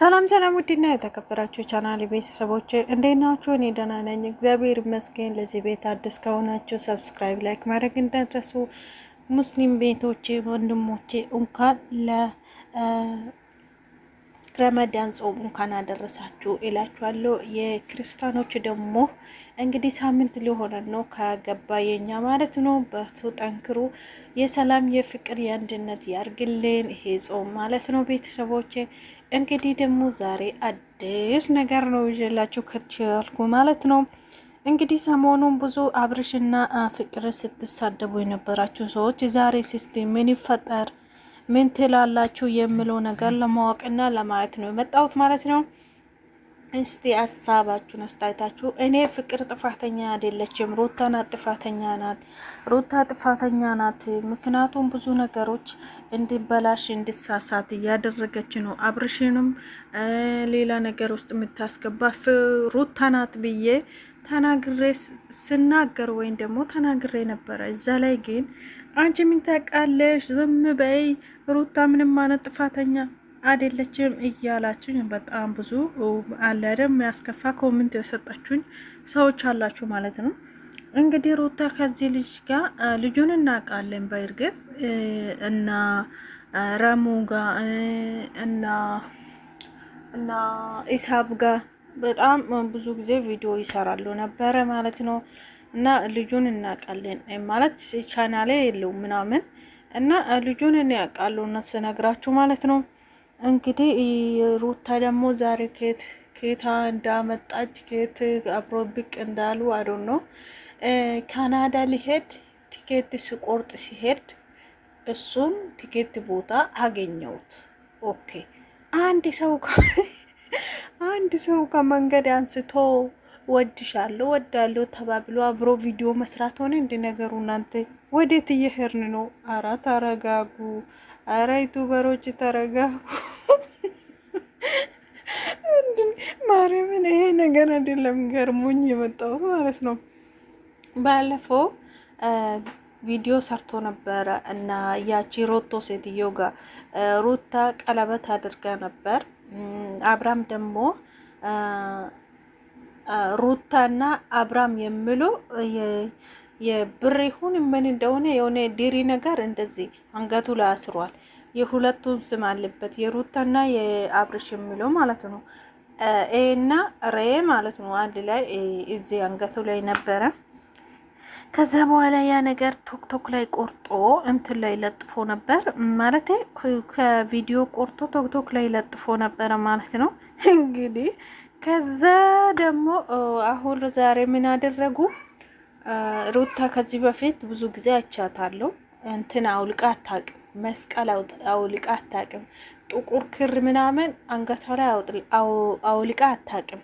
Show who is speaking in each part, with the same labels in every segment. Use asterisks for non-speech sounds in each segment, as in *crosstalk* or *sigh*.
Speaker 1: ሰላም ሰላም፣ ውድና የተከበራችሁ ቻናል ቤተሰቦች እንዴት ናችሁ? እኔ ደህና ነኝ፣ እግዚአብሔር ይመስገን። ለዚህ ቤት አዲስ ከሆናችሁ ሰብስክራይብ፣ ላይክ ማድረግ እንዳትረሱ። ሙስሊም ቤቶቼ፣ ወንድሞቼ እንኳን ለ ረመዳን ጾም እንኳን አደረሳችሁ እላችኋለሁ። የክርስቲያኖች ደግሞ እንግዲህ ሳምንት ሊሆነ ነው ከገባ የኛ ማለት ነው። በርቱ፣ ጠንክሩ። የሰላም የፍቅር የአንድነት ያርግልን ይሄ ጾም ማለት ነው። ቤተሰቦች እንግዲህ ደግሞ ዛሬ አዲስ ነገር ነው ይዤላችሁ ከቻልኩ ማለት ነው። እንግዲህ ሰሞኑን ብዙ አብርሽና ፍቅር ስትሳደቡ የነበራችሁ ሰዎች ዛሬ ሲስቴም ምን ይፈጠር ምን ትላላችሁ የምለው ነገር ለማወቅና ለማየት ነው የመጣሁት ማለት ነው። እስቲ አስተሳባችሁን አስተያየታችሁ። እኔ ፍቅር ጥፋተኛ አይደለችም፣ ሩታ ናት ጥፋተኛ ናት። ሩታ ጥፋተኛ ናት፣ ምክንያቱም ብዙ ነገሮች እንዲበላሽ እንዲሳሳት እያደረገች ነው። አብርሽንም ሌላ ነገር ውስጥ የምታስገባ ሩታ ናት ብዬ ተናግሬ ስናገር ወይም ደግሞ ተናግሬ ነበረ። እዛ ላይ ግን አንቺ ምን ታውቃለሽ? ዝም በይ ሩታ ምንም አይነት ጥፋተኛ አይደለችም እያላችሁኝ በጣም ብዙ አለ አይደል የሚያስከፋ ኮሜንት የሰጣችሁኝ ሰዎች አላችሁ ማለት ነው። እንግዲህ ሩታ ከዚህ ልጅ ጋር ልጁን እናውቃለን በእርግጥ እና ረሙ ጋር እና እና ኢሳብ ጋር በጣም ብዙ ጊዜ ቪዲዮ ይሰራሉ ነበረ ማለት ነው። እና ልጁን እናውቃለን ማለት ቻናሌ የለውም ምናምን እና ልጁን እኔ ያውቃለሁ እውነት ስነግራችሁ ማለት ነው። እንግዲህ ሩታ ደግሞ ዛሬ ኬት ኬታ እንዳመጣች ኬት አብሮ ብቅ እንዳሉ አዶ ነው ካናዳ ሊሄድ ቲኬት ሲቆርጥ ሲሄድ እሱን ቲኬት ቦታ አገኘውት ኦኬ አንድ ሰው *laughs* አንድ ሰው ከመንገድ አንስቶ ወድሻለሁ ወዳለሁ ተባብሎ አብሮ ቪዲዮ መስራት ሆነ እንደ ነገሩ። እናንተ ወዴት እየሄድን ነው? አራ ተረጋጉ። አራ ዩቱበሮች ተረጋጉ። ማርያምን ይሄ ነገር አይደለም ገርሞኝ የመጣሁት ማለት ነው። ባለፈው ቪዲዮ ሰርቶ ነበረ እና ያቺ ሮቶ ሴትዮ ጋር ሩታ ቀለበት አድርጋ ነበር። አብራም ደግሞ ሩታና አብራም የሚሉ የብር ይሁን ምን እንደሆነ የሆነ ዲሪ ነገር እንደዚህ አንገቱ ላይ አስሯል። የሁለቱም ስም አለበት የሩታና የአብርሽ የምለው ማለት ነው። ኤና ሬ ማለት ነው። አንድ ላይ እዚህ አንገቱ ላይ ነበረ። ከዛ በኋላ ያ ነገር ቶክቶክ ላይ ቆርጦ እንትን ላይ ለጥፎ ነበር ማለት ከቪዲዮ ቆርጦ ቶክቶክ ላይ ለጥፎ ነበረ ማለት ነው እንግዲህ ከዛ ደግሞ አሁን ዛሬ ምን አደረጉ? ሩታ ከዚህ በፊት ብዙ ጊዜ አይቻታለሁ። እንትን አውልቃ አታውቅም፣ መስቀል አውልቃ አታውቅም፣ ጥቁር ክር ምናምን አንገቷ ላይ አውልቃ አታውቅም።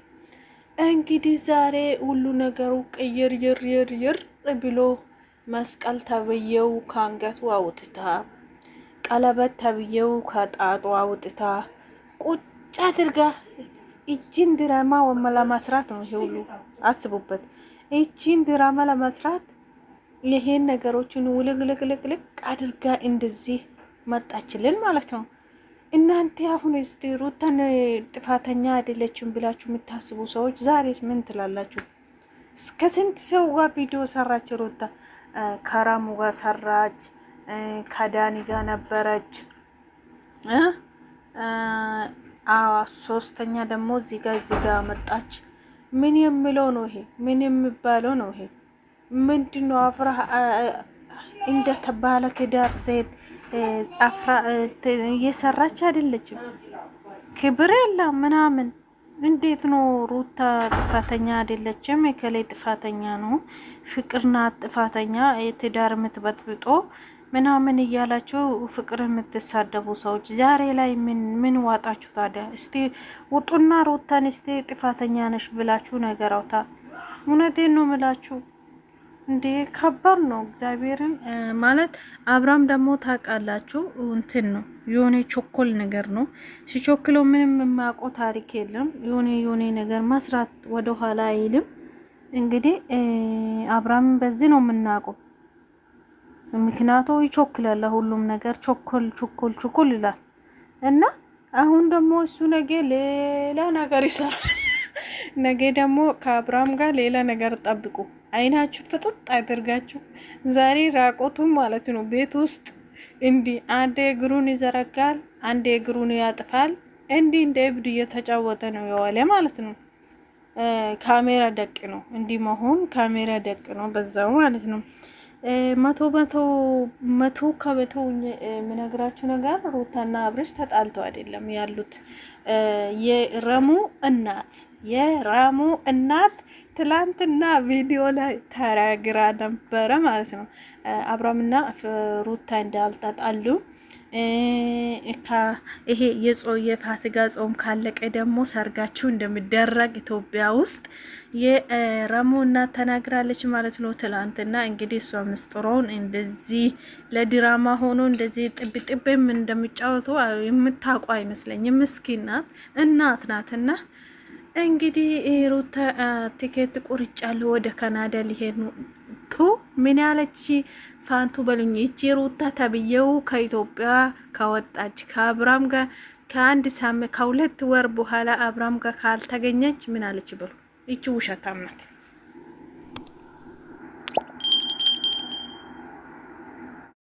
Speaker 1: እንግዲህ ዛሬ ሁሉ ነገሩ ቅይር ይር ይር ብሎ መስቀል ተብዬው ከአንገቱ አውጥታ፣ ቀለበት ተብዬው ከጣጡ አውጥታ ቁጭ አድርጋ እችን ድራማ ለመስራት ነው። ሁሉ አስቡበት። እቺን ድራማ ለመስራት ይሄን ነገሮችን ውልቅልቅልቅልቅ አድርጋ እንደዚህ መጣችልን ማለት ነው። እናንተ አሁን እስቲ ሩታን ጥፋተኛ አይደለችም ብላችሁ የምታስቡ ሰዎች ዛሬስ ምን ትላላችሁ? ከስንት ሰው ጋር ቪዲዮ ሰራች ሩታ ከራሙ ጋር ሰራች፣ ከዳኒ ጋር ነበረች ሶስተኛ ደግሞ ዚጋ ዚጋ መጣች። ምን የሚለው ነው ይሄ? ምን የሚባለው ነው ይሄ? ምንድን ነው አፍራ እንደ ተባለ ትዳር ሴት አፍራ እየሰራች አይደለችም። ክብር የለም ምናምን። እንዴት ነው ሩታ ጥፋተኛ አይደለችም፣ የከላይ ጥፋተኛ ነው፣ ፍቅርና ጥፋተኛ ትዳር የምትበጥብጦ ምናምን እያላቸው ፍቅር የምትሳደቡ ሰዎች ዛሬ ላይ ምን ምን ዋጣችሁ ታዲያ? እስቲ ውጡና ሩታን እስቲ ጥፋተኛ ነሽ ብላችሁ ነገር አውታ። እውነቴን ነው ምላችሁ እንዴ ከባድ ነው። እግዚአብሔርን ማለት አብርሃም ደግሞ ታውቃላችሁ እንትን ነው የሆነ ቾኮል ነገር ነው ሲቾክለው ምንም የማያውቀው ታሪክ የለም። የሆነ የሆነ ነገር መስራት ወደኋላ አይልም። እንግዲህ አብርሃምን በዚህ ነው የምናውቀው። ምክንያቱ ይቾክላል። ሁሉም ነገር ቾኮል ቾኮል ቾኮል ይላል እና አሁን ደግሞ እሱ ነገ ሌላ ነገር ይሰራል። *laughs* ነገ ደግሞ ከአብርሃም ጋር ሌላ ነገር ጠብቁ። አይናችሁ ፍጥጥ አድርጋችሁ ዛሬ ራቆቱን ማለት ነው። ቤት ውስጥ እንዲ አንዴ እግሩን ይዘረጋል፣ አንዴ እግሩን ያጥፋል። እንዲህ እንደ እብድ እየተጫወተ ነው የዋለ ማለት ነው። ካሜራ ደቅ ነው እንዲ መሆን፣ ካሜራ ደቅ ነው በዛው ማለት ነው። መቶ መቶ መቶ ከመቶ የምነግራችሁ ነገር ሩታና አብርሽ ተጣልቶ አይደለም ያሉት። የረሙ እናት የረሙ እናት ትላንትና ቪዲዮ ላይ ተናግራ ነበረ ማለት ነው። አብርሃምና ሩታ እንዳልተጣሉ ይሄ የፋሲጋ ጾም ካለቀ ደግሞ ሰርጋችሁ እንደሚደረግ ኢትዮጵያ ውስጥ የረሙ እናት ተናግራለች ማለት ነው። ትላንትና እንግዲህ እሷ ምስጥሮውን እንደዚህ ለድራማ ሆኖ እንደዚህ ጥብጥብ እንደሚጫወቱ የምታውቁ አይመስለኝም። ምስኪናት እናት ናትና እንግዲህ ሩታ ቲኬት ቁርጫ ወደ ካናዳ ሊሄድ ነው ቱ ምን ያለች ፋንቱ በሉኝ። ይቺ ሩታ ተብዬው ከኢትዮጵያ ከወጣች ከአብራም ጋር ከአንድ ሳም ከሁለት ወር በኋላ አብራም ጋር ካልተገኘች ምን አለች በሉ። ይቺ ውሸታም ናት።